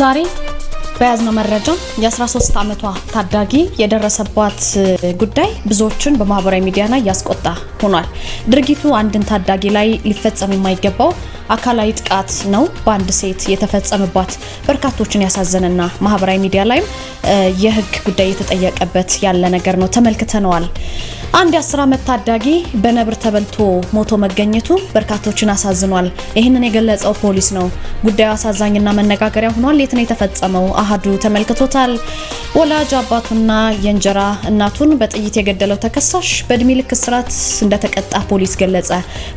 ዛሬ በያዝነው መረጃ የ13 ዓመቷ ታዳጊ የደረሰባት ጉዳይ ብዙዎችን በማህበራዊ ሚዲያ ላይ ያስቆጣ ሆኗል። ድርጊቱ አንድን ታዳጊ ላይ ሊፈጸም የማይገባው አካላዊ ጥቃት ነው። በአንድ ሴት የተፈጸመባት በርካቶችን ያሳዘነና ማህበራዊ ሚዲያ ላይም የህግ ጉዳይ የተጠየቀበት ያለ ነገር ነው። ተመልክተነዋል። አንድ የ10 ዓመት ታዳጊ በነብር ተበልቶ ሞቶ መገኘቱ በርካቶችን አሳዝኗል። ይህንን የገለጸው ፖሊስ ነው። ጉዳዩ አሳዛኝና መነጋገሪያ ሆኗል። የት ነው የተፈጸመው? አሃዱ ተመልክቶታል። ወላጅ አባቱና የእንጀራ እናቱን በጥይት የገደለው ተከሳሽ በእድሜ ልክ እስራት እንደተቀጣ ፖሊስ ገለጸ።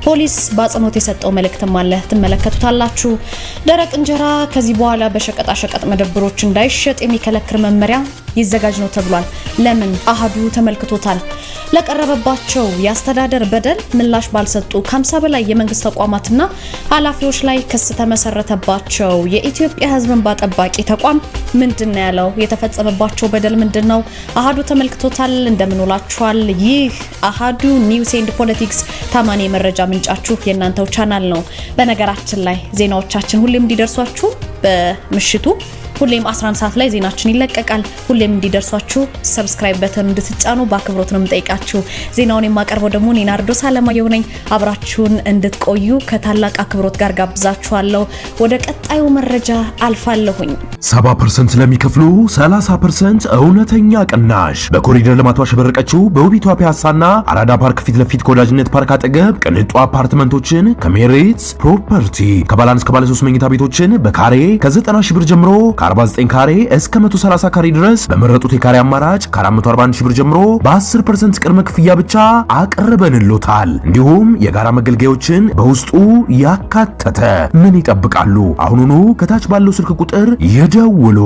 ፖሊስ በአጽንኦት የሰጠው መልእክትም አለ፣ ትመለከቱታላችሁ። ደረቅ እንጀራ ከዚህ በኋላ በሸቀጣሸቀጥ መደብሮች እንዳይሸጥ የሚከለክል መመሪያ ይዘጋጅ ነው ተብሏል። ለምን አህዱ ተመልክቶታል። ለቀረበባቸው የአስተዳደር በደል ምላሽ ባልሰጡ ከ50 በላይ የመንግስት ተቋማትና ኃላፊዎች ላይ ክስ ተመሰረተባቸው። የኢትዮጵያ ህዝብን ባጠባቂ ተቋም ምንድን ያለው? የተፈጸመባቸው በደል ምንድን ነው? አሃዱ ተመልክቶታል። እንደምንውላችኋል። ይህ አሃዱ ኒውስ ኤንድ ፖለቲክስ ታማኒ የመረጃ ምንጫችሁ የእናንተው ቻናል ነው። በነገራችን ላይ ዜናዎቻችን ሁሌም እንዲደርሷችሁ በምሽቱ ሁሌም 11 ሰዓት ላይ ዜናችን ይለቀቃል። ሁሌም እንዲደርሷችሁ ሰብስክራይብ በተን እንድትጫኑ በአክብሮት ነው የምጠይቃችሁ። ዜናውን የማቀርበው ደግሞ እኔ ናርዶስ አለማየሁ ነኝ። አብራችሁን እንድትቆዩ ከታላቅ አክብሮት ጋር ጋብዛችኋለሁ። ወደ ቀጣዩ መረጃ አልፋለሁኝ። 70% ስለሚከፍሉ 30% እውነተኛ ቅናሽ በኮሪደር ልማቱ አሸበረቀችው በውቢቷ ፒያሳና አራዳ ፓርክ ፊት ለፊት ከወዳጅነት ፓርክ አጠገብ ቅንጡ አፓርትመንቶችን ከሜሪት ፕሮፐርቲ ከባለ አንድ እስከ ባለ 3 መኝታ ቤቶችን በካሬ ከ90 ሺህ ብር ጀምሮ ከ49 ካሬ እስከ 130 ካሬ ድረስ በመረጡት የካሬ አማራጭ ከ440 ሺህ ብር ጀምሮ በ10% ቅድመ ክፍያ ብቻ አቅርበንልዎታል። እንዲሁም የጋራ መገልገያዎችን በውስጡ ያካተተ ምን ይጠብቃሉ? አሁኑኑ ከታች ባለው ስልክ ቁጥር ይደውሉ።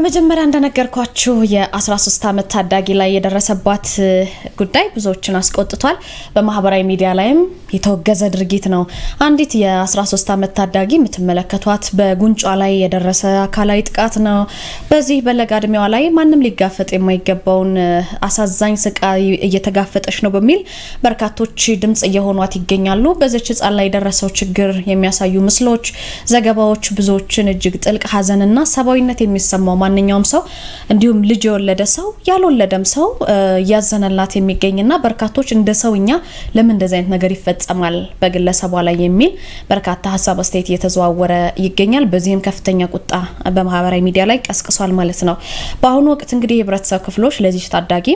በመጀመሪያ እንደነገርኳችሁ የ13 ዓመት ታዳጊ ላይ የደረሰባት ጉዳይ ብዙዎችን አስቆጥቷል። በማህበራዊ ሚዲያ ላይም የተወገዘ ድርጊት ነው። አንዲት የ13 ዓመት ታዳጊ የምትመለከቷት በጉንጯ ላይ የደረሰ አካላዊ ጥቃት ነው። በዚህ በለጋ እድሜዋ ላይ ማንም ሊጋፈጥ የማይገባውን አሳዛኝ ስቃይ እየተጋፈጠች ነው በሚል በርካቶች ድምጽ እየሆኗት ይገኛሉ። በዚች ህፃን ላይ የደረሰው ችግር የሚያሳዩ ምስሎች፣ ዘገባዎች ብዙዎችን እጅግ ጥልቅ ሀዘንና ሰብአዊነት የሚሰማው ማንኛውም ሰው እንዲሁም ልጅ የወለደ ሰው ያልወለደም ሰው እያዘነላት የሚገኝና በርካቶች እንደ ሰው እኛ ለምን እንደዚህ አይነት ነገር ይፈጸማል በግለሰቧ ላይ የሚል በርካታ ሀሳብ አስተያየት እየተዘዋወረ ይገኛል። በዚህም ከፍተኛ ቁጣ በማህበራዊ ሚዲያ ላይ ቀስቅሷል ማለት ነው። በአሁኑ ወቅት እንግዲህ የህብረተሰብ ክፍሎች ለዚህ ታዳጊ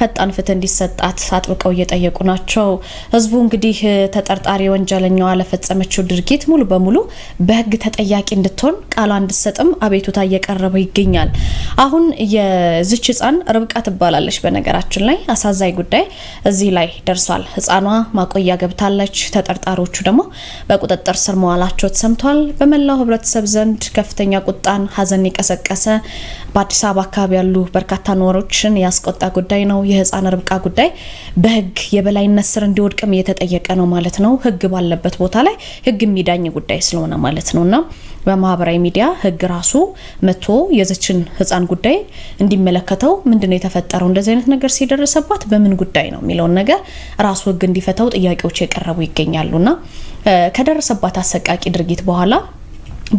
ፈጣን ፍትህ እንዲሰጣት አጥብቀው እየጠየቁ ናቸው። ህዝቡ እንግዲህ ተጠርጣሪ ወንጀለኛዋ ለፈጸመችው ድርጊት ሙሉ በሙሉ በህግ ተጠያቂ እንድትሆን ቃሏ እንድትሰጥም አቤቱታ እየቀረበ ይገኛል። አሁን የዚች ህፃን ርብቃ ትባላለች። በነገራችን ላይ አሳዛኝ ጉዳይ እዚህ ላይ ደርሷል። ህፃኗ ማቆያ ገብታለች። ተጠርጣሪዎቹ ደግሞ በቁጥጥር ስር መዋላቸው ተሰምቷል። በመላው ህብረተሰብ ዘንድ ከፍተኛ ቁጣን፣ ሀዘን የቀሰቀሰ በአዲስ አበባ አካባቢ ያሉ በርካታ ኖሮችን ያስቆጣ ጉዳይ ነው። የህፃን ርብቃ ጉዳይ በህግ የበላይነት ስር እንዲወድቅም እየተጠየቀ ነው ማለት ነው። ህግ ባለበት ቦታ ላይ ህግ የሚዳኝ ጉዳይ ስለሆነ ማለት ነው እና በማህበራዊ ሚዲያ ህግ ራሱ መጥቶ የዘችን ህፃን ጉዳይ እንዲመለከተው ምንድነው የተፈጠረው፣ እንደዚህ አይነት ነገር ሲደረሰባት በምን ጉዳይ ነው የሚለውን ነገር ራሱ ህግ እንዲፈታው ጥያቄዎች የቀረቡ እና ከደረሰባት አሰቃቂ ድርጊት በኋላ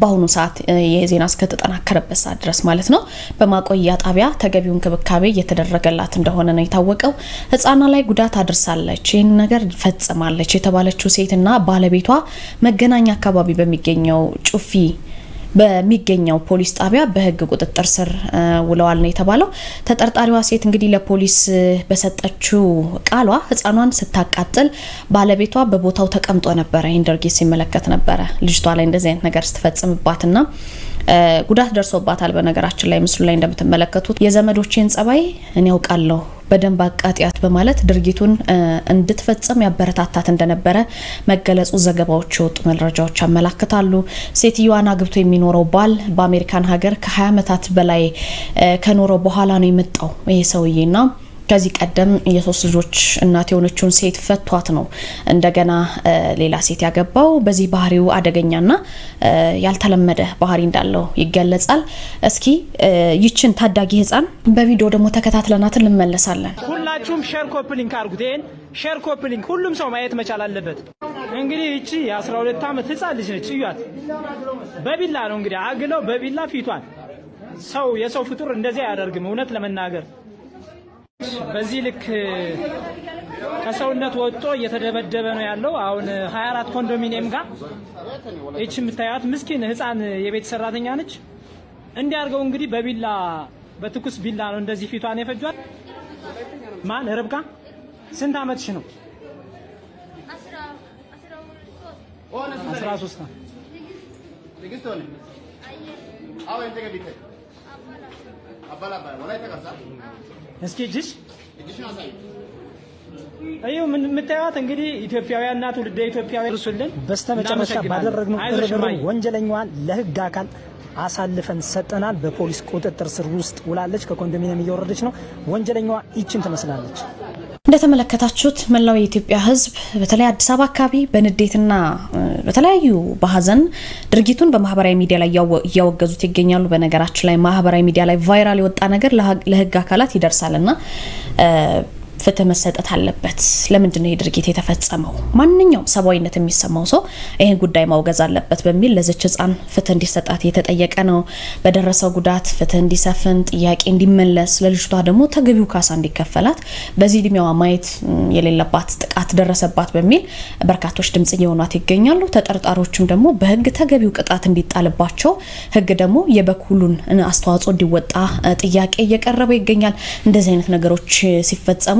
በአሁኑ ሰዓት የዜና እስከተጠናከረበት ሰዓት ድረስ ማለት ነው በማቆያ ጣቢያ ተገቢው እንክብካቤ እየተደረገላት እንደሆነ ነው የታወቀው። ህፃና ላይ ጉዳት አድርሳለች፣ ይህን ነገር ፈጽማለች የተባለችው ሴትና ባለቤቷ መገናኛ አካባቢ በሚገኘው ጩፊ በሚገኘው ፖሊስ ጣቢያ በህግ ቁጥጥር ስር ውለዋል ነው የተባለው። ተጠርጣሪዋ ሴት እንግዲህ ለፖሊስ በሰጠችው ቃሏ ህፃኗን ስታቃጥል ባለቤቷ በቦታው ተቀምጦ ነበረ፣ ይህን ድርጊት ሲመለከት ነበረ። ልጅቷ ላይ እንደዚህ አይነት ነገር ስትፈጽምባትና ጉዳት ደርሶባታል። በነገራችን ላይ ምስሉ ላይ እንደምትመለከቱት የዘመዶቼን ጸባይ እኔ ያውቃለሁ በደንብ አቃጢያት በማለት ድርጊቱን እንድትፈጸም ያበረታታት እንደነበረ መገለጹ ዘገባዎች የወጡ መረጃዎች ያመላክታሉ። ሴትዮዋን አግብቶ የሚኖረው ባል በአሜሪካን ሀገር ከ20 ዓመታት በላይ ከኖረው በኋላ ነው የመጣው ይህ ሰውዬ ና ከዚህ ቀደም የሶስት ልጆች እናት የሆነችውን ሴት ፈቷት ነው እንደገና ሌላ ሴት ያገባው። በዚህ ባህሪው አደገኛና ያልተለመደ ባህሪ እንዳለው ይገለጻል። እስኪ ይችን ታዳጊ ህፃን በቪዲዮ ደግሞ ተከታትለናት እንመለሳለን። ሁላችሁም ሼር ኮፕሊንክ አድርጉት። ይሄን ሼር ኮፕሊንክ ሁሉም ሰው ማየት መቻል አለበት። እንግዲህ እቺ የ12 ዓመት ህፃን ልጅ ነች። እዩት። በቢላ ነው እንግዲህ አግለው በቢላ ፊቷን። ሰው የሰው ፍጡር እንደዚህ አያደርግም እውነት ለመናገር በዚህ ልክ ከሰውነት ወጥቶ እየተደበደበ ነው ያለው። አሁን 24 ኮንዶሚኒየም ጋር ይች የምታያት ምስኪን ህፃን የቤት ሰራተኛ ነች። እንዲያርገው እንግዲህ በቢላ በትኩስ ቢላ ነው እንደዚህ ፊቷን የፈጇል። ማን ርብቃ፣ ስንት አመትሽ ነው? 13 ነው። እስኪ እጅሽ እዩ ምን የምታዩት እንግዲህ ኢትዮጵያውያንና ትውልደ ኢትዮጵያውያን እርሱልን። በስተመጨረሻ ባደረግነው እርብርብ ወንጀለኛዋን ለህግ አካል አሳልፈን ሰጠናል። በፖሊስ ቁጥጥር ስር ውስጥ ውላለች። ከኮንዶሚኒየም እየወረደች ነው። ወንጀለኛዋ ይችን ትመስላለች። እንደተመለከታችሁት መላው የኢትዮጵያ ሕዝብ በተለይ አዲስ አበባ አካባቢ በንዴትና በተለያዩ በሀዘን ድርጊቱን በማህበራዊ ሚዲያ ላይ እያወገዙት ይገኛሉ። በነገራችን ላይ ማህበራዊ ሚዲያ ላይ ቫይራል የወጣ ነገር ለህግ አካላት ይደርሳል ፍትህ መሰጠት አለበት። ለምንድን ነው ድርጊት የተፈጸመው? ማንኛውም ሰብአዊነት የሚሰማው ሰው ይህን ጉዳይ ማውገዝ አለበት በሚል ለዚች ህፃን ፍትህ እንዲሰጣት እየተጠየቀ ነው። በደረሰው ጉዳት ፍትህ እንዲሰፍን፣ ጥያቄ እንዲመለስ፣ ለልጅቷ ደግሞ ተገቢው ካሳ እንዲከፈላት፣ በዚህ እድሜዋ ማየት የሌለባት ጥቃት ደረሰባት በሚል በርካቶች ድምጽ እየሆኗት ይገኛሉ። ተጠርጣሪዎችም ደግሞ በህግ ተገቢው ቅጣት እንዲጣልባቸው ህግ ደግሞ የበኩሉን አስተዋጽኦ እንዲወጣ ጥያቄ እየቀረበ ይገኛል። እንደዚህ አይነት ነገሮች ሲፈጸሙ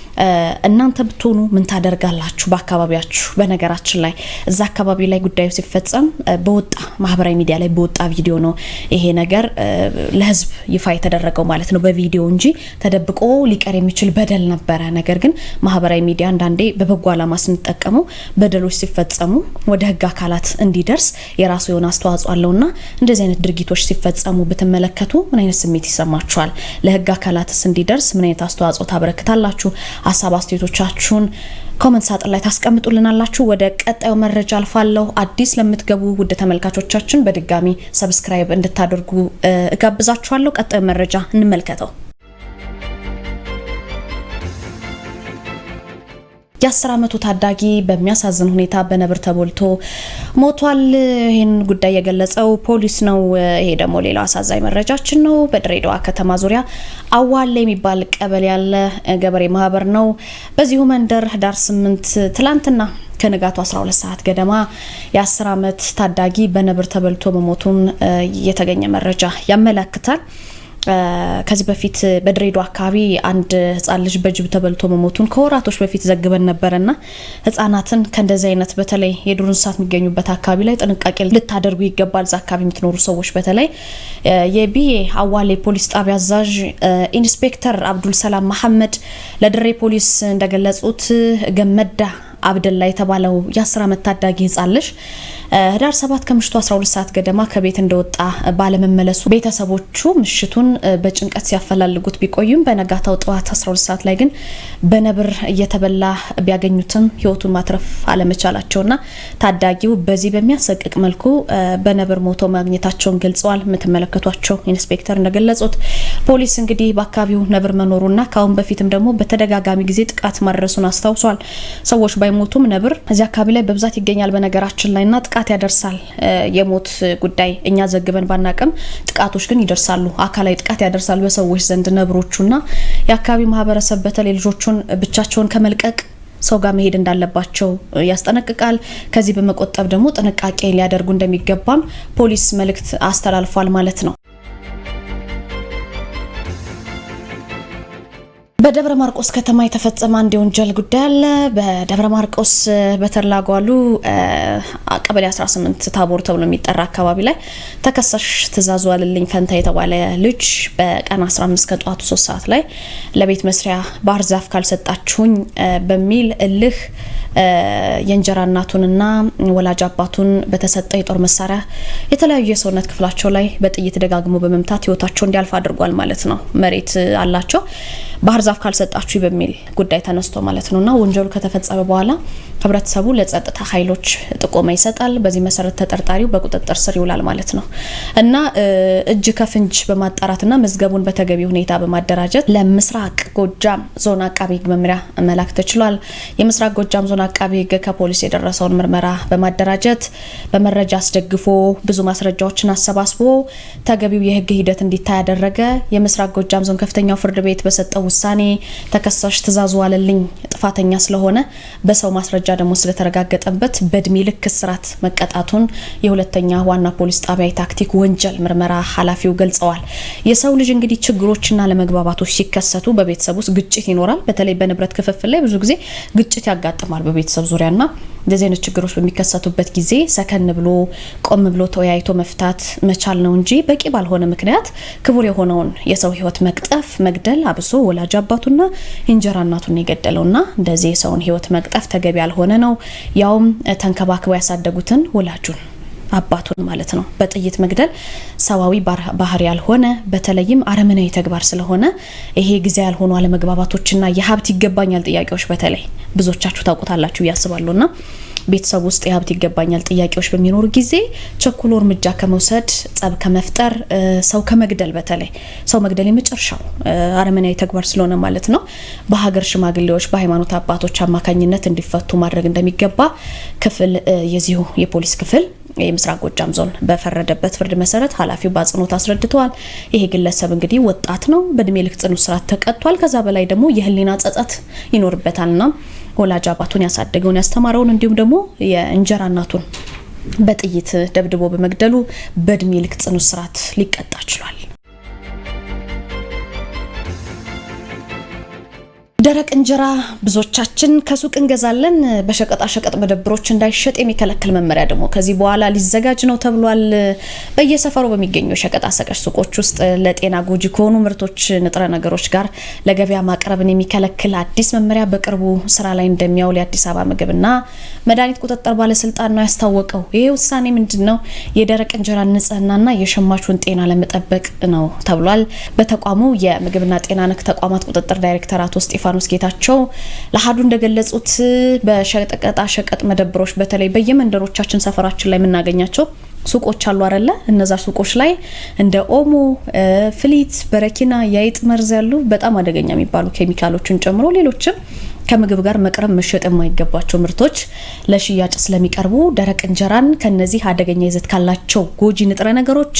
እናንተ ብትሆኑ ምን ታደርጋላችሁ? በአካባቢያችሁ በነገራችን ላይ እዛ አካባቢ ላይ ጉዳዩ ሲፈጸም በወጣ ማህበራዊ ሚዲያ ላይ በወጣ ቪዲዮ ነው ይሄ ነገር ለህዝብ ይፋ የተደረገው ማለት ነው። በቪዲዮ እንጂ ተደብቆ ሊቀር የሚችል በደል ነበረ። ነገር ግን ማህበራዊ ሚዲያ አንዳንዴ በበጎ አላማ ስንጠቀመው በደሎች ሲፈጸሙ ወደ ህግ አካላት እንዲደርስ የራሱ የሆነ አስተዋጽኦ አለውና እንደዚህ አይነት ድርጊቶች ሲፈጸሙ ብትመለከቱ ምን አይነት ስሜት ይሰማችኋል? ለህግ አካላትስ እንዲደርስ ምን አይነት አስተዋጽኦ ታበረክታላችሁ? ሀሳብ አስተያየቶቻችሁን ኮመንት ሳጥን ላይ ታስቀምጡልናላችሁ። ወደ ቀጣዩ መረጃ አልፋለሁ። አዲስ ለምትገቡ ውድ ተመልካቾቻችን በድጋሚ ሰብስክራይብ እንድታደርጉ እጋብዛችኋለሁ። ቀጣዩ መረጃ እንመልከተው። የአስር ዓመቱ ታዳጊ በሚያሳዝን ሁኔታ በነብር ተቦልቶ ሞቷል። ይህን ጉዳይ የገለጸው ፖሊስ ነው። ይሄ ደግሞ ሌላው አሳዛኝ መረጃችን ነው። በድሬዳዋ ከተማ ዙሪያ አዋለ የሚባል ቀበሌ ያለ ገበሬ ማህበር ነው። በዚሁ መንደር ህዳር 8 ትላንትና ከንጋቱ 12 ሰዓት ገደማ የ10 ዓመት ታዳጊ በነብር ተበልቶ መሞቱን የተገኘ መረጃ ያመለክታል። ከዚህ በፊት በድሬዳዋ አካባቢ አንድ ህጻን ልጅ በጅብ ተበልቶ መሞቱን ከወራቶች በፊት ዘግበን ነበረና ህጻናትን ከእንደዚህ አይነት በተለይ የዱር እንስሳት የሚገኙበት አካባቢ ላይ ጥንቃቄ ልታደርጉ ይገባል። እዛ አካባቢ የምትኖሩ ሰዎች በተለይ የቢዬ አዋሌ ፖሊስ ጣቢያ አዛዥ ኢንስፔክተር አብዱል ሰላም መሐመድ ለድሬ ፖሊስ እንደገለጹት ገመዳ አብደላ የተባለው የ10 ዓመት ታዳጊ ህጻን ልጅ ህዳር 7 ከምሽቱ 12 ሰዓት ገደማ ከቤት እንደወጣ ባለመመለሱ ቤተሰቦቹ ምሽቱን በጭንቀት ሲያፈላልጉት ቢቆዩም በነጋታው ጠዋት 12 ሰዓት ላይ ግን በነብር እየተበላ ቢያገኙትም ህይወቱን ማትረፍ አለመቻላቸውና ታዳጊው በዚህ በሚያሰቅቅ መልኩ በነብር ሞቶ ማግኘታቸውን ገልጸዋል። የምትመለከቷቸው ኢንስፔክተር እንደገለጹት ፖሊስ እንግዲህ በአካባቢው ነብር መኖሩና ከአሁን በፊትም ደግሞ በተደጋጋሚ ጊዜ ጥቃት ማድረሱን አስታውሷል። ሰዎች አይሞቱም። ነብር እዚህ አካባቢ ላይ በብዛት ይገኛል በነገራችን ላይ እና ጥቃት ያደርሳል። የሞት ጉዳይ እኛ ዘግበን ባናቅም ጥቃቶች ግን ይደርሳሉ። አካላዊ ጥቃት ያደርሳሉ በሰዎች ዘንድ ነብሮቹና የአካባቢ ማህበረሰብ በተለይ ልጆቹን ብቻቸውን ከመልቀቅ ሰው ጋር መሄድ እንዳለባቸው ያስጠነቅቃል። ከዚህ በመቆጠብ ደግሞ ጥንቃቄ ሊያደርጉ እንደሚገባም ፖሊስ መልእክት አስተላልፏል ማለት ነው። በደብረ ማርቆስ ከተማ የተፈጸመ አንድ የወንጀል ጉዳይ አለ። በደብረ ማርቆስ በተላጓሉ ቀበሌ 18 ታቦር ተብሎ የሚጠራ አካባቢ ላይ ተከሳሽ ትእዛዙ አልልኝ ፈንታ የተባለ ልጅ በቀን 15 ከጠዋቱ 3 ሰዓት ላይ ለቤት መስሪያ ባህር ዛፍ ካልሰጣችሁኝ በሚል እልህ የእንጀራ እናቱንና ወላጅ አባቱን በተሰጠ የጦር መሳሪያ የተለያዩ የሰውነት ክፍላቸው ላይ በጥይት ደጋግሞ በመምታት ህይወታቸው እንዲያልፍ አድርጓል ማለት ነው። መሬት አላቸው ባህር ዛፍ ካልሰጣችሁ በሚል ጉዳይ ተነስቶ ማለት ነው እና ወንጀሉ ከተፈጸመ በኋላ ህብረተሰቡ ለጸጥታ ኃይሎች ጥቆማ ይሰጣል። በዚህ መሰረት ተጠርጣሪው በቁጥጥር ስር ይውላል ማለት ነው እና እጅ ከፍንጅ በማጣራትና መዝገቡን በተገቢ ሁኔታ በማደራጀት ለምስራቅ ጎጃም ዞን አቃቢ ህግ መምሪያ መላክ ተችሏል። የምስራቅ ጎጃም ዞን አቃቢ ህግ ከፖሊስ የደረሰውን ምርመራ በማደራጀት በመረጃ አስደግፎ ብዙ ማስረጃዎችን አሰባስቦ ተገቢው የህግ ሂደት እንዲታይ ያደረገ የምስራቅ ጎጃም ዞን ከፍተኛው ፍርድ ቤት በሰጠው ውሳኔ ተከሳሽ ትእዛዙ አለልኝ ጥፋተኛ ስለሆነ በሰው ማስረጃ ደግሞ ስለተረጋገጠበት በእድሜ ልክ እስራት መቀጣቱን የሁለተኛ ዋና ፖሊስ ጣቢያ የታክቲክ ወንጀል ምርመራ ኃላፊው ገልጸዋል። የሰው ልጅ እንግዲህ ችግሮችና ለመግባባቶች ሲከሰቱ በቤተሰብ ውስጥ ግጭት ይኖራል። በተለይ በንብረት ክፍፍል ላይ ብዙ ጊዜ ግጭት ያጋጥማል በቤተሰብ ዙሪያና እንደዚህ አይነት ችግሮች በሚከሰቱበት ጊዜ ሰከን ብሎ ቆም ብሎ ተወያይቶ መፍታት መቻል ነው እንጂ በቂ ባልሆነ ምክንያት ክቡር የሆነውን የሰው ህይወት መቅጠፍ፣ መግደል አብሶ ወላጅ አባቱና እንጀራ እናቱን የገደለውና እንደዚህ የሰውን ህይወት መቅጠፍ ተገቢ ያልሆነ ነው። ያውም ተንከባክበው ያሳደጉትን ወላጁን አባቱን ማለት ነው በጥይት መግደል ሰዋዊ ባህሪ ያልሆነ በተለይም አረመናዊ ተግባር ስለሆነ ይሄ ጊዜ ያልሆኑ አለመግባባቶችና የሀብት ይገባኛል ጥያቄዎች በተለይ ብዙዎቻችሁ ታውቁታላችሁ እያስባሉ ና ቤተሰብ ውስጥ የሀብት ይገባኛል ጥያቄዎች በሚኖሩ ጊዜ ቸኩሎ እርምጃ ከመውሰድ ጸብ ከመፍጠር ሰው ከመግደል በተለይ ሰው መግደል የመጨረሻው አረመናዊ ተግባር ስለሆነ ማለት ነው በሀገር ሽማግሌዎች በሃይማኖት አባቶች አማካኝነት እንዲፈቱ ማድረግ እንደሚገባ ክፍል የዚሁ የፖሊስ ክፍል የምስራቅ ጎጃም ዞን በፈረደበት ፍርድ መሰረት ኃላፊው በአጽንኦት አስረድተዋል። ይሄ ግለሰብ እንግዲህ ወጣት ነው። በእድሜ ልክ ጽኑ እስራት ተቀጥቷል። ከዛ በላይ ደግሞ የህሊና ጸጸት ይኖርበታልና ወላጅ አባቱን ያሳደገውን ያስተማረውን እንዲሁም ደግሞ የእንጀራ እናቱን በጥይት ደብድቦ በመግደሉ በእድሜ ልክ ጽኑ እስራት ሊቀጣ ችሏል። ደረቅ እንጀራ ብዙዎቻችን ከሱቅ እንገዛለን። በሸቀጣ ሸቀጥ መደብሮች እንዳይሸጥ የሚከለክል መመሪያ ደግሞ ከዚህ በኋላ ሊዘጋጅ ነው ተብሏል። በየሰፈሩ በሚገኙ የሸቀጣ ሸቀጥ ሱቆች ውስጥ ለጤና ጎጂ ከሆኑ ምርቶች፣ ንጥረ ነገሮች ጋር ለገበያ ማቅረብን የሚከለክል አዲስ መመሪያ በቅርቡ ስራ ላይ እንደሚያውል የአዲስ አበባ ምግብና መድኃኒት ቁጥጥር ባለስልጣን ነው ያስታወቀው። ይህ ውሳኔ ምንድን ነው? የደረቅ እንጀራ ንጽህናና የሸማቹን ጤና ለመጠበቅ ነው ተብሏል። በተቋሙ የምግብና ጤና ነክ ተቋማት ቁጥጥር ዳይሬክተራት ውስጥ እስጢፋኖስ ጌታቸው ለአሀዱ እንደገለጹት በሸቀጣ ሸቀጥ መደብሮች በተለይ በየመንደሮቻችን ሰፈራችን ላይ የምናገኛቸው ሱቆች አሉ አይደለ? እነዛ ሱቆች ላይ እንደ ኦሞ፣ ፍሊት፣ በረኪና፣ የአይጥ መርዝ ያሉ በጣም አደገኛ የሚባሉ ኬሚካሎችን ጨምሮ ሌሎችም ከምግብ ጋር መቅረብ መሸጥ የማይገባቸው ምርቶች ለሽያጭ ስለሚቀርቡ ደረቅ እንጀራን ከነዚህ አደገኛ ይዘት ካላቸው ጎጂ ንጥረ ነገሮች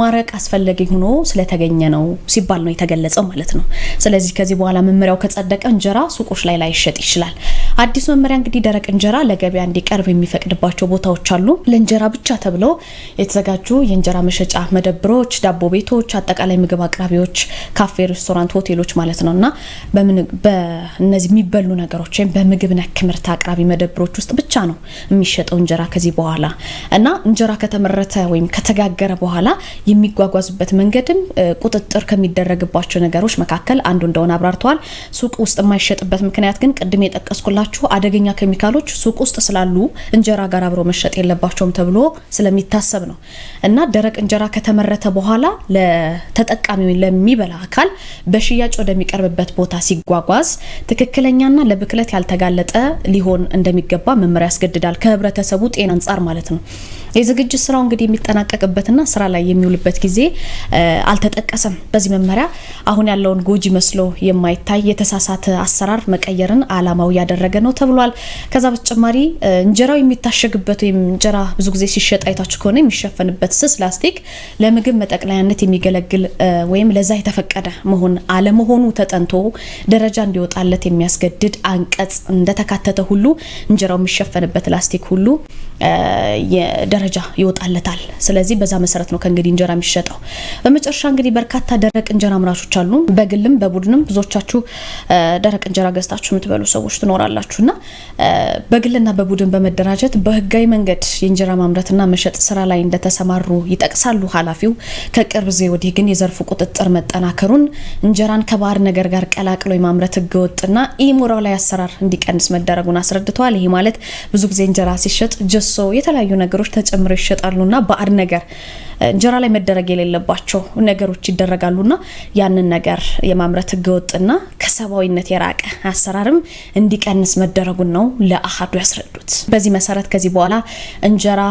ማረቅ አስፈላጊ ሆኖ ስለተገኘ ነው ሲባል ነው የተገለጸው ማለት ነው። ስለዚህ ከዚህ በኋላ መመሪያው ከጸደቀ እንጀራ ሱቆች ላይ ላይሸጥ ይችላል። አዲሱ መመሪያ እንግዲህ ደረቅ እንጀራ ለገበያ እንዲቀርብ የሚፈቅድባቸው ቦታዎች አሉ። ለእንጀራ ብቻ ተብለው የተዘጋጁ የእንጀራ መሸጫ መደብሮች፣ ዳቦ ቤቶች፣ አጠቃላይ ምግብ አቅራቢዎች፣ ካፌ፣ ሬስቶራንት፣ ሆቴሎች ማለት ነው እና በእነዚህ የሚበሉ ነገሮች ወይም በምግብ ነክ ምርት አቅራቢ መደብሮች ውስጥ ብቻ ነው የሚሸጠው እንጀራ ከዚህ በኋላ እና እንጀራ ከተመረተ ወይም ከተጋገረ በኋላ የሚጓጓዙበት መንገድም ቁጥጥር ከሚደረግባቸው ነገሮች መካከል አንዱ እንደሆነ አብራርተዋል። ሱቅ ውስጥ የማይሸጥበት ምክንያት ግን ቅድም የጠቀስኩላችሁ አደገኛ ኬሚካሎች ሱቅ ውስጥ ስላሉ እንጀራ ጋር አብሮ መሸጥ የለባቸውም ተብሎ ስለሚታሰብ ነው እና ደረቅ እንጀራ ከተመረተ በኋላ ለተጠቃሚ ለሚበላ አካል በሽያጭ ወደሚቀርብበት ቦታ ሲጓጓዝ ትክክለኛ ለመደበኛና ለብክለት ያልተጋለጠ ሊሆን እንደሚገባ መመሪያ ያስገድዳል። ከህብረተሰቡ ጤና አንጻር ማለት ነው። የዝግጅት ስራው እንግዲህ የሚጠናቀቅበትና ስራ ላይ የሚውልበት ጊዜ አልተጠቀሰም። በዚህ መመሪያ አሁን ያለውን ጎጂ መስሎ የማይታይ የተሳሳተ አሰራር መቀየርን አላማው ያደረገ ነው ተብሏል። ከዛ በተጨማሪ እንጀራው የሚታሸግበት ወይም እንጀራ ብዙ ጊዜ ሲሸጥ አይታችሁ ከሆነ የሚሸፈንበት ስስ ላስቲክ ለምግብ መጠቅለያነት የሚገለግል ወይም ለዛ የተፈቀደ መሆን አለመሆኑ ተጠንቶ ደረጃ እንዲወጣለት የሚያስገ የሚያስገድድ አንቀጽ እንደተካተተ ሁሉ እንጀራው የሚሸፈንበት ላስቲክ ሁሉ ደረጃ ይወጣለታል። ስለዚህ በዛ መሰረት ነው ከእንግዲህ እንጀራ የሚሸጠው። በመጨረሻ እንግዲህ በርካታ ደረቅ እንጀራ አምራቾች አሉ። በግልም በቡድንም ብዙዎቻችሁ ደረቅ እንጀራ ገዝታችሁ የምትበሉ ሰዎች ትኖራላችሁ እና በግልና በቡድን በመደራጀት በህጋዊ መንገድ የእንጀራ ማምረትና መሸጥ ስራ ላይ እንደተሰማሩ ይጠቅሳሉ ኃላፊው። ከቅርብ ጊዜ ወዲህ ግን የዘርፉ ቁጥጥር መጠናከሩን እንጀራን ከባህር ነገር ጋር ቀላቅሎ የማምረት ህገወጥና ኢ ላይ አሰራር እንዲቀንስ መደረጉን አስረድተዋል። ይሄ ማለት ብዙ ጊዜ እንጀራ ሲሸጥ ጀሶ፣ የተለያዩ ነገሮች ተጨምሮ ይሸጣሉና ባዕድ ነገር እንጀራ ላይ መደረግ የሌለባቸው ነገሮች ይደረጋሉና ያንን ነገር የማምረት ህገወጥና ከሰብአዊነት የራቀ አሰራርም እንዲቀንስ መደረጉን ነው ለአሃዱ ያስረዱት። በዚህ መሰረት ከዚህ በኋላ እንጀራ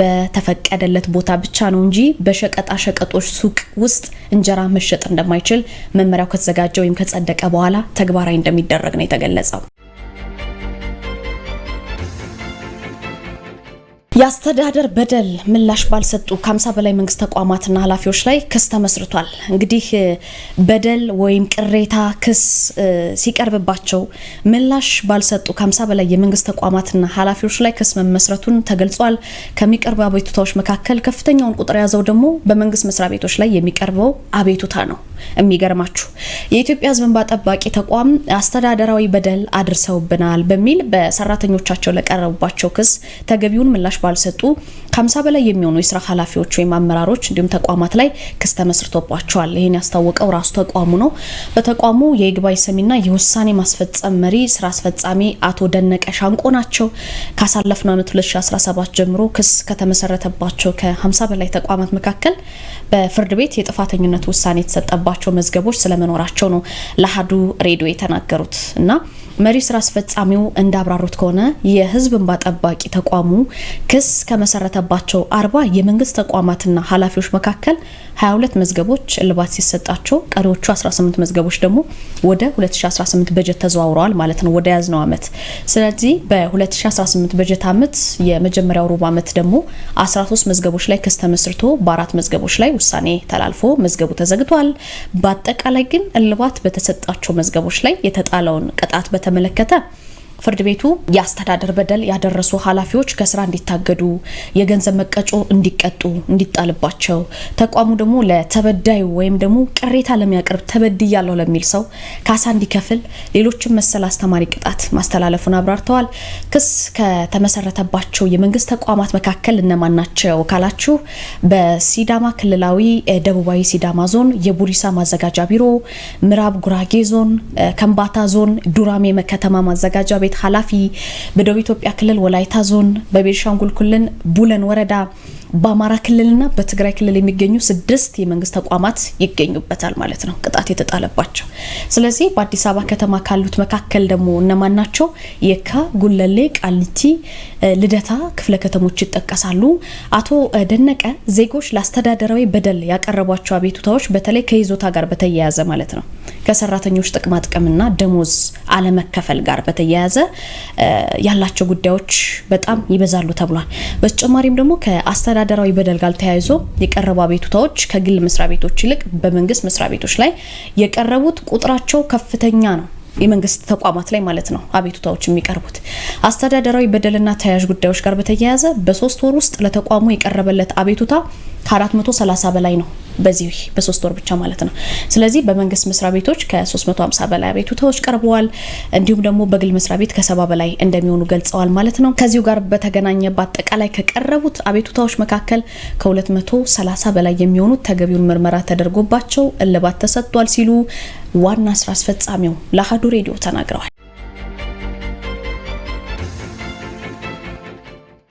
በተፈቀደለት ቦታ ብቻ ነው እንጂ በሸቀጣ ሸቀጦች ሱቅ ውስጥ እንጀራ መሸጥ እንደማይችል መመሪያው ከተዘጋጀ ወይም ከጸደቀ በኋላ ተግባራዊ እንደሚደረግ ነው የተገለጸው። የአስተዳደር በደል ምላሽ ባልሰጡ ከ50 በላይ መንግስት ተቋማትና ኃላፊዎች ላይ ክስ ተመስርቷል። እንግዲህ በደል ወይም ቅሬታ ክስ ሲቀርብባቸው ምላሽ ባልሰጡ ከ50 በላይ የመንግስት ተቋማትና ኃላፊዎች ላይ ክስ መመስረቱን ተገልጿል። ከሚቀርቡ አቤቱታዎች መካከል ከፍተኛውን ቁጥር የያዘው ደግሞ በመንግስት መስሪያ ቤቶች ላይ የሚቀርበው አቤቱታ ነው። የሚገርማችሁ የኢትዮጵያ ሕዝብ እንባ ጠባቂ ተቋም አስተዳደራዊ በደል አድርሰውብናል በሚል በሰራተኞቻቸው ለቀረቡባቸው ክስ ተገቢውን ምላሽ ባልሰጡ ከ50 በላይ የሚሆኑ የስራ ኃላፊዎች ወይም አመራሮች እንዲሁም ተቋማት ላይ ክስ ተመስርቶባቸዋል። ይህን ያስታወቀው ራሱ ተቋሙ ነው። በተቋሙ የይግባኝ ሰሚና የውሳኔ ማስፈጸም መሪ ስራ አስፈጻሚ አቶ ደነቀ ሻንቆ ናቸው። ካሳለፍነው ዓመት 2017 ጀምሮ ክስ ከተመሰረተባቸው ከ50 በላይ ተቋማት መካከል በፍርድ ቤት የጥፋተኝነት ውሳኔ የተሰጠባቸው መዝገቦች ስለመኖራቸው ነው ለአሀዱ ሬዲዮ የተናገሩት እና መሪ ስራ አስፈጻሚው እንዳብራሩት ከሆነ የህዝብ እንባ ጠባቂ ተቋሙ ክስ ከመሰረተባቸው አርባ የመንግስት ተቋማትና ኃላፊዎች መካከል 22 መዝገቦች እልባት ሲሰጣቸው ቀሪዎቹ 18 መዝገቦች ደግሞ ወደ 2018 በጀት ተዘዋውረዋል ማለት ነው ወደ ያዝነው ዓመት። ስለዚህ በ2018 በጀት ዓመት የመጀመሪያው ሩብ ዓመት ደግሞ 13 መዝገቦች ላይ ክስ ተመስርቶ በአራት መዝገቦች ላይ ውሳኔ ተላልፎ መዝገቡ ተዘግቷል። በአጠቃላይ ግን እልባት በተሰጣቸው መዝገቦች ላይ የተጣለውን ቅጣት በተመለከተ ፍርድ ቤቱ የአስተዳደር በደል ያደረሱ ኃላፊዎች ከስራ እንዲታገዱ፣ የገንዘብ መቀጮ እንዲቀጡ እንዲጣልባቸው፣ ተቋሙ ደግሞ ለተበዳዩ ወይም ደግሞ ቅሬታ ለሚያቀርብ ተበድያለሁ ለሚል ሰው ካሳ እንዲከፍል፣ ሌሎችም መሰል አስተማሪ ቅጣት ማስተላለፉን አብራርተዋል። ክስ ከተመሰረተባቸው የመንግስት ተቋማት መካከል እነማን ናቸው ካላችሁ በሲዳማ ክልላዊ ደቡባዊ ሲዳማ ዞን የቡሪሳ ማዘጋጃ ቢሮ፣ ምዕራብ ጉራጌ ዞን፣ ከምባታ ዞን ዱራሜ ከተማ ማዘጋጃ ቤት ኃላፊ፣ በደቡብ ኢትዮጵያ ክልል ወላይታ ዞን፣ በቤንሻንጉል ክልል ቡለን ወረዳ በአማራ ክልልና በትግራይ ክልል የሚገኙ ስድስት የመንግስት ተቋማት ይገኙበታል ማለት ነው ቅጣት የተጣለባቸው። ስለዚህ በአዲስ አበባ ከተማ ካሉት መካከል ደግሞ እነማን ናቸው? የካ፣ ጉለሌ፣ ቃሊቲ፣ ልደታ ክፍለ ከተሞች ይጠቀሳሉ። አቶ ደነቀ ዜጎች ለአስተዳደራዊ በደል ያቀረቧቸው አቤቱታዎች በተለይ ከይዞታ ጋር በተያያዘ ማለት ነው ከሰራተኞች ጥቅማ ደሞዝ አለመከፈል ጋር በተያያዘ ያላቸው ጉዳዮች በጣም ይበዛሉ ተብሏል። በተጨማሪም ደግሞ አስተዳደራዊ በደል ጋር ተያይዞ የቀረቡ አቤቱታዎች ከግል መስሪያ ቤቶች ይልቅ በመንግስት መስሪያ ቤቶች ላይ የቀረቡት ቁጥራቸው ከፍተኛ ነው። የመንግስት ተቋማት ላይ ማለት ነው አቤቱታዎች የሚቀርቡት። አስተዳደራዊ በደልና ተያያዥ ጉዳዮች ጋር በተያያዘ በሶስት ወር ውስጥ ለተቋሙ የቀረበለት አቤቱታ ከ430 በላይ ነው። በዚህ በሶስት ወር ብቻ ማለት ነው። ስለዚህ በመንግስት መስሪያ ቤቶች ከ350 በላይ አቤቱታዎች ቀርበዋል። እንዲሁም ደግሞ በግል መስሪያ ቤት ከሰባ በላይ እንደሚሆኑ ገልጸዋል ማለት ነው። ከዚሁ ጋር በተገናኘ በአጠቃላይ ከቀረቡት አቤቱታዎች መካከል ከ230 በላይ የሚሆኑት ተገቢውን ምርመራ ተደርጎባቸው እልባት ተሰጥቷል ሲሉ ዋና ስራ አስፈጻሚው ለአህዱ ሬዲዮ ተናግረዋል።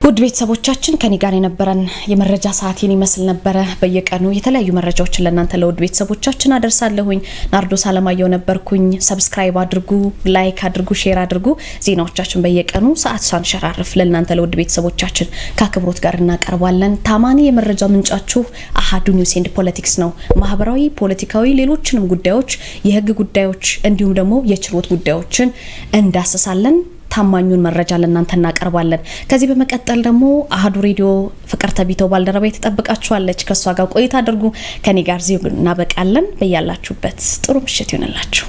ውድ ቤተሰቦቻችን ከኔ ጋር የነበረን የመረጃ ሰዓቴን ይመስል ነበረ። በየቀኑ የተለያዩ መረጃዎችን ለእናንተ ለውድ ቤተሰቦቻችን አደርሳለሁኝ። ናርዶስ አለማየሁ ነበርኩኝ። ሰብስክራይብ አድርጉ፣ ላይክ አድርጉ፣ ሼር አድርጉ። ዜናዎቻችን በየቀኑ ሰዓት ሳንሸራርፍ ለእናንተ ለውድ ቤተሰቦቻችን ከአክብሮት ጋር እናቀርባለን። ታማኒ የመረጃ ምንጫችሁ አሀዱ ኒውስ ኤንድ ፖለቲክስ ነው። ማህበራዊ፣ ፖለቲካዊ፣ ሌሎችንም ጉዳዮች፣ የህግ ጉዳዮች እንዲሁም ደግሞ የችሎት ጉዳዮችን እንዳሰሳለን። ታማኙን መረጃ ለእናንተ እናቀርባለን። ከዚህ በመቀጠል ደግሞ አህዱ ሬዲዮ ፍቅር ቢተው ባልደረባ የተጠብቃችኋለች። ከእሷ ጋር ቆይታ አድርጉ። ከኔ ጋር እዚሁ እናበቃለን። በያላችሁበት ጥሩ ምሽት ይሆንላችሁ።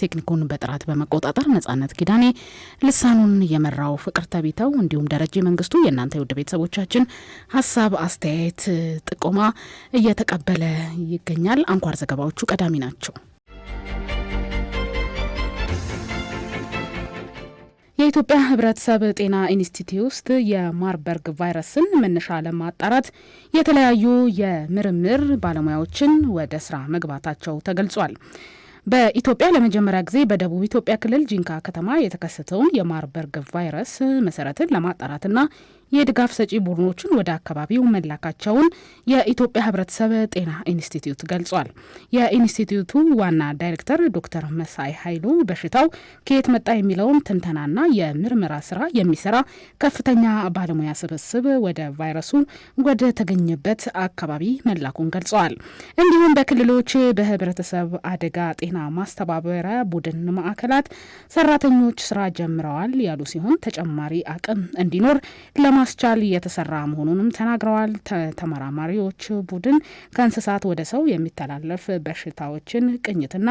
ቴክኒኩን በጥራት በመቆጣጠር ነጻነት ኪዳኔ፣ ልሳኑን የመራው ፍቅር ተቢተው እንዲሁም ደረጀ መንግስቱ። የእናንተ የውድ ቤተሰቦቻችን ሀሳብ፣ አስተያየት፣ ጥቆማ እየተቀበለ ይገኛል። አንኳር ዘገባዎቹ ቀዳሚ ናቸው። የኢትዮጵያ ህብረተሰብ ጤና ኢንስቲትዩት ውስጥ የማርበርግ ቫይረስን መነሻ ለማጣራት የተለያዩ የምርምር ባለሙያዎችን ወደ ስራ መግባታቸው ተገልጿል። በኢትዮጵያ ለመጀመሪያ ጊዜ በደቡብ ኢትዮጵያ ክልል ጂንካ ከተማ የተከሰተውን የማርበርግ ቫይረስ መሰረትን ለማጣራትና የድጋፍ ሰጪ ቡድኖቹን ወደ አካባቢው መላካቸውን የኢትዮጵያ ህብረተሰብ ጤና ኢንስቲትዩት ገልጿል። የኢንስቲትዩቱ ዋና ዳይሬክተር ዶክተር መሳይ ኃይሉ በሽታው ከየት መጣ የሚለውን ትንተናና የምርመራ ስራ የሚሰራ ከፍተኛ ባለሙያ ስብስብ ወደ ቫይረሱ ወደ ተገኘበት አካባቢ መላኩን ገልጸዋል። እንዲሁም በክልሎች በህብረተሰብ አደጋ ጤና ማስተባበሪያ ቡድን ማዕከላት ሰራተኞች ስራ ጀምረዋል ያሉ ሲሆን ተጨማሪ አቅም እንዲኖር ለማስቻል እየተሰራ መሆኑንም ተናግረዋል። ተመራማሪዎች ቡድን ከእንስሳት ወደ ሰው የሚተላለፍ በሽታዎችን ቅኝትና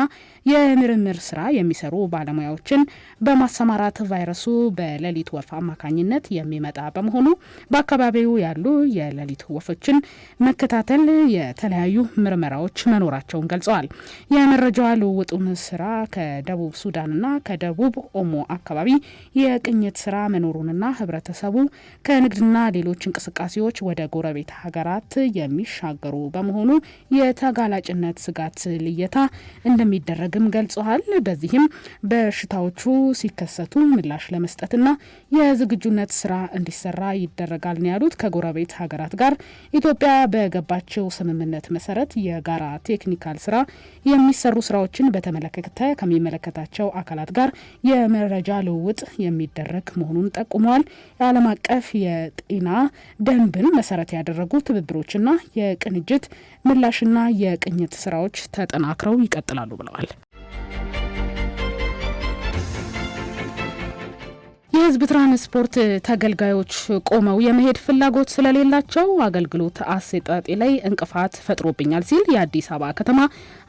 የምርምር ስራ የሚሰሩ ባለሙያዎችን በማሰማራት ቫይረሱ በሌሊት ወፍ አማካኝነት የሚመጣ በመሆኑ በአካባቢው ያሉ የሌሊት ወፎችን መከታተል የተለያዩ ምርመራዎች መኖራቸውን ገልጸዋል። የመረጃ ልውውጡን ስራ ከደቡብ ሱዳንና ከደቡብ ኦሞ አካባቢ የቅኝት ስራ መኖሩንና ህብረተሰቡ ከ ከንግድና ሌሎች እንቅስቃሴዎች ወደ ጎረቤት ሀገራት የሚሻገሩ በመሆኑ የተጋላጭነት ስጋት ልየታ እንደሚደረግም ገልጸዋል። በዚህም በሽታዎቹ ሲከሰቱ ምላሽ ለመስጠትና የዝግጁነት ስራ እንዲሰራ ይደረጋል ነው ያሉት። ከጎረቤት ሀገራት ጋር ኢትዮጵያ በገባቸው ስምምነት መሰረት የጋራ ቴክኒካል ስራ የሚሰሩ ስራዎችን በተመለከተ ከሚመለከታቸው አካላት ጋር የመረጃ ልውውጥ የሚደረግ መሆኑን ጠቁመዋል። የዓለም አቀፍ የጤና ደንብን መሰረት ያደረጉ ትብብሮችና የቅንጅት ምላሽና የቅኝት ስራዎች ተጠናክረው ይቀጥላሉ ብለዋል። የህዝብ ትራንስፖርት ተገልጋዮች ቆመው የመሄድ ፍላጎት ስለሌላቸው አገልግሎት አሰጣጤ ላይ እንቅፋት ፈጥሮብኛል ሲል የአዲስ አበባ ከተማ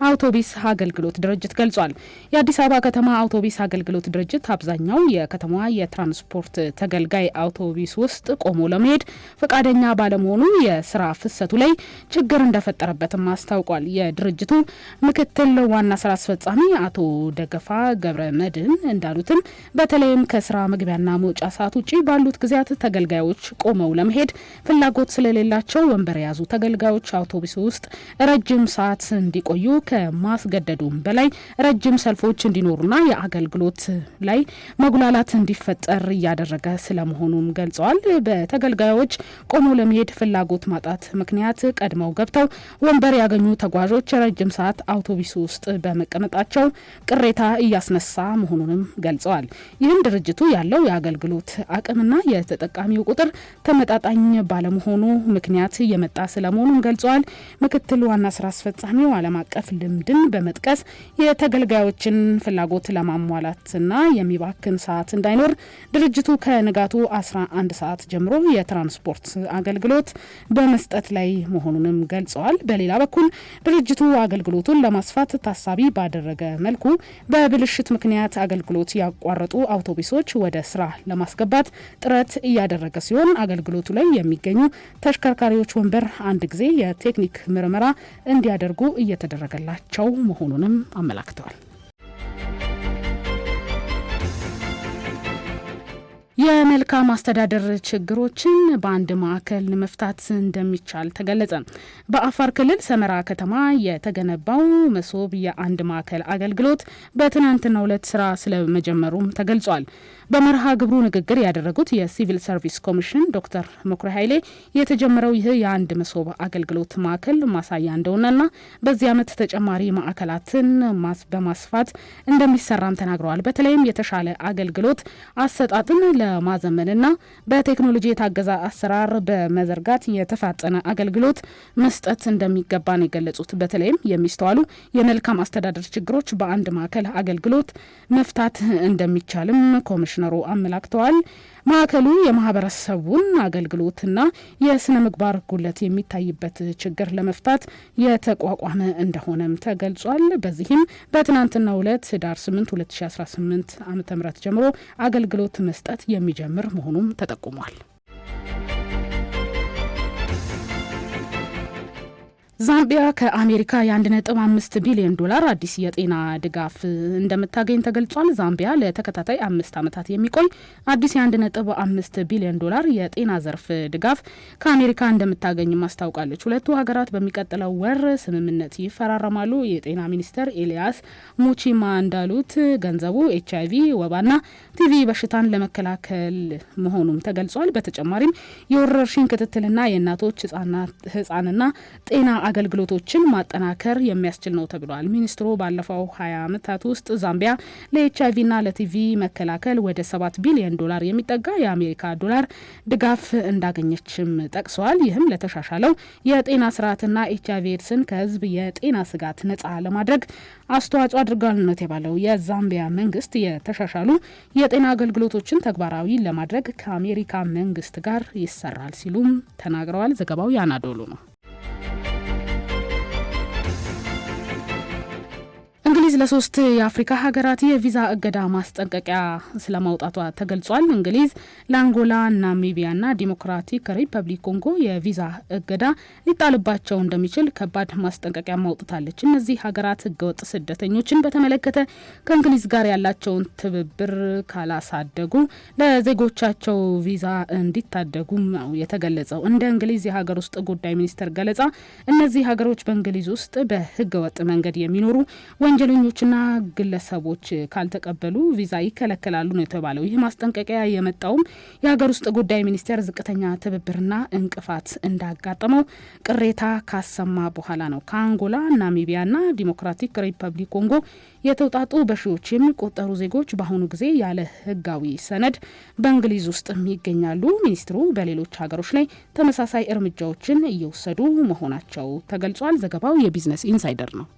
አውቶቢስ አገልግሎት ድርጅት ገልጿል። የአዲስ አበባ ከተማ አውቶቢስ አገልግሎት ድርጅት አብዛኛው የከተማዋ የትራንስፖርት ተገልጋይ አውቶቢስ ውስጥ ቆሞ ለመሄድ ፈቃደኛ ባለመሆኑ የስራ ፍሰቱ ላይ ችግር እንደፈጠረበትም አስታውቋል። የድርጅቱ ምክትል ዋና ስራ አስፈጻሚ አቶ ደገፋ ገብረ መድን እንዳሉትም በተለይም ከስራ መግቢያ ከመግቢያና መውጫ ሰዓት ውጪ ባሉት ጊዜያት ተገልጋዮች ቆመው ለመሄድ ፍላጎት ስለሌላቸው ወንበር የያዙ ተገልጋዮች አውቶቡስ ውስጥ ረጅም ሰዓት እንዲቆዩ ከማስገደዱም በላይ ረጅም ሰልፎች እንዲኖሩና የአገልግሎት ላይ መጉላላት እንዲፈጠር እያደረገ ስለመሆኑም ገልጸዋል። በተገልጋዮች ቆመው ለመሄድ ፍላጎት ማጣት ምክንያት ቀድመው ገብተው ወንበር ያገኙ ተጓዦች ረጅም ሰዓት አውቶቡስ ውስጥ በመቀመጣቸው ቅሬታ እያስነሳ መሆኑንም ገልጸዋል። ይህም ድርጅቱ ያለው የአገልግሎት አቅምና የተጠቃሚው ቁጥር ተመጣጣኝ ባለመሆኑ ምክንያት የመጣ ስለመሆኑን ገልጸዋል። ምክትል ዋና ስራ አስፈጻሚው ዓለም አቀፍ ልምድን በመጥቀስ የተገልጋዮችን ፍላጎት ለማሟላትና የሚባክን ሰዓት እንዳይኖር ድርጅቱ ከንጋቱ 11 ሰዓት ጀምሮ የትራንስፖርት አገልግሎት በመስጠት ላይ መሆኑንም ገልጸዋል። በሌላ በኩል ድርጅቱ አገልግሎቱን ለማስፋት ታሳቢ ባደረገ መልኩ በብልሽት ምክንያት አገልግሎት ያቋረጡ አውቶቡሶች ወደ ስራ ለማስገባት ጥረት እያደረገ ሲሆን አገልግሎቱ ላይ የሚገኙ ተሽከርካሪዎች ወንበር አንድ ጊዜ የቴክኒክ ምርመራ እንዲያደርጉ እየተደረገላቸው መሆኑንም አመላክተዋል። የመልካም አስተዳደር ችግሮችን በአንድ ማዕከል መፍታት እንደሚቻል ተገለጸ። በአፋር ክልል ሰመራ ከተማ የተገነባው መሶብ የአንድ ማዕከል አገልግሎት በትናንትናው ዕለት ስራ ስለመጀመሩም ተገልጿል። በመርሃ ግብሩ ንግግር ያደረጉት የሲቪል ሰርቪስ ኮሚሽን ዶክተር መኩሪያ ኃይሌ የተጀመረው ይህ የአንድ መሶብ አገልግሎት ማዕከል ማሳያ እንደሆነና በዚህ ዓመት ተጨማሪ ማዕከላትን በማስፋት እንደሚሰራም ተናግረዋል። በተለይም የተሻለ አገልግሎት አሰጣጥን ለማዘመንና በቴክኖሎጂ የታገዘ አሰራር በመዘርጋት የተፋጠነ አገልግሎት መስጠት እንደሚገባ ነው የገለጹት። በተለይም የሚስተዋሉ የመልካም አስተዳደር ችግሮች በአንድ ማዕከል አገልግሎት መፍታት እንደሚቻልም ኮሚሽን ኮሚሽነሩ አመላክተዋል። ማዕከሉ የማህበረሰቡን አገልግሎትና የስነ ምግባር ጉለት የሚታይበት ችግር ለመፍታት የተቋቋመ እንደሆነም ተገልጿል። በዚህም በትናንትናው ዕለት ህዳር 8 2018 ዓ ም ጀምሮ አገልግሎት መስጠት የሚጀምር መሆኑም ተጠቁሟል። ዛምቢያ ከአሜሪካ የ1.5 ቢሊዮን ዶላር አዲስ የጤና ድጋፍ እንደምታገኝ ተገልጿል። ዛምቢያ ለተከታታይ አምስት ዓመታት የሚቆይ አዲስ የ1.5 ቢሊዮን ዶላር የጤና ዘርፍ ድጋፍ ከአሜሪካ እንደምታገኝ ማስታውቃለች። ሁለቱ ሀገራት በሚቀጥለው ወር ስምምነት ይፈራረማሉ። የጤና ሚኒስተር ኤልያስ ሙቺማ እንዳሉት ገንዘቡ ኤች አይቪ ወባና ቲቪ በሽታን ለመከላከል መሆኑም ተገልጿል። በተጨማሪም የወረርሽኝ ክትትልና የእናቶች ህጻንና ጤና አገልግሎቶችን ማጠናከር የሚያስችል ነው ተብሏል። ሚኒስትሩ ባለፈው ሀያ ዓመታት ውስጥ ዛምቢያ ለኤች አይቪና ለቲቪ መከላከል ወደ ሰባት ቢሊዮን ዶላር የሚጠጋ የአሜሪካ ዶላር ድጋፍ እንዳገኘችም ጠቅሰዋል። ይህም ለተሻሻለው የጤና ስርዓትና ኤች አይቪ ኤድስን ከህዝብ የጤና ስጋት ነጻ ለማድረግ አስተዋጽኦ አድርጓል ነው የተባለው። የዛምቢያ መንግስት የተሻሻሉ የጤና አገልግሎቶችን ተግባራዊ ለማድረግ ከአሜሪካ መንግስት ጋር ይሰራል ሲሉም ተናግረዋል። ዘገባው ያናዶሉ ነው። እንግሊዝ ለሶስት የአፍሪካ ሀገራት የቪዛ እገዳ ማስጠንቀቂያ ስለማውጣቷ ተገልጿል። እንግሊዝ ለአንጎላ፣ ናሚቢያና ዲሞክራቲክ ሪፐብሊክ ኮንጎ የቪዛ እገዳ ሊጣልባቸው እንደሚችል ከባድ ማስጠንቀቂያ ማውጥታለች። እነዚህ ሀገራት ህገወጥ ስደተኞችን በተመለከተ ከእንግሊዝ ጋር ያላቸውን ትብብር ካላሳደጉ ለዜጎቻቸው ቪዛ እንዲታደጉም ነው የተገለጸው። እንደ እንግሊዝ የሀገር ውስጥ ጉዳይ ሚኒስቴር ገለጻ እነዚህ ሀገሮች በእንግሊዝ ውስጥ በህገወጥ መንገድ የሚኖሩ ወንጀለኞችና ግለሰቦች ካልተቀበሉ ቪዛ ይከለከላሉ ነው የተባለው። ይህ ማስጠንቀቂያ የመጣውም የሀገር ውስጥ ጉዳይ ሚኒስቴር ዝቅተኛ ትብብርና እንቅፋት እንዳጋጠመው ቅሬታ ካሰማ በኋላ ነው። ከአንጎላ፣ ናሚቢያና ዲሞክራቲክ ሪፐብሊክ ኮንጎ የተውጣጡ በሺዎች የሚቆጠሩ ዜጎች በአሁኑ ጊዜ ያለ ህጋዊ ሰነድ በእንግሊዝ ውስጥም ይገኛሉ። ሚኒስትሩ በሌሎች ሀገሮች ላይ ተመሳሳይ እርምጃዎችን እየወሰዱ መሆናቸው ተገልጿል። ዘገባው የቢዝነስ ኢንሳይደር ነው።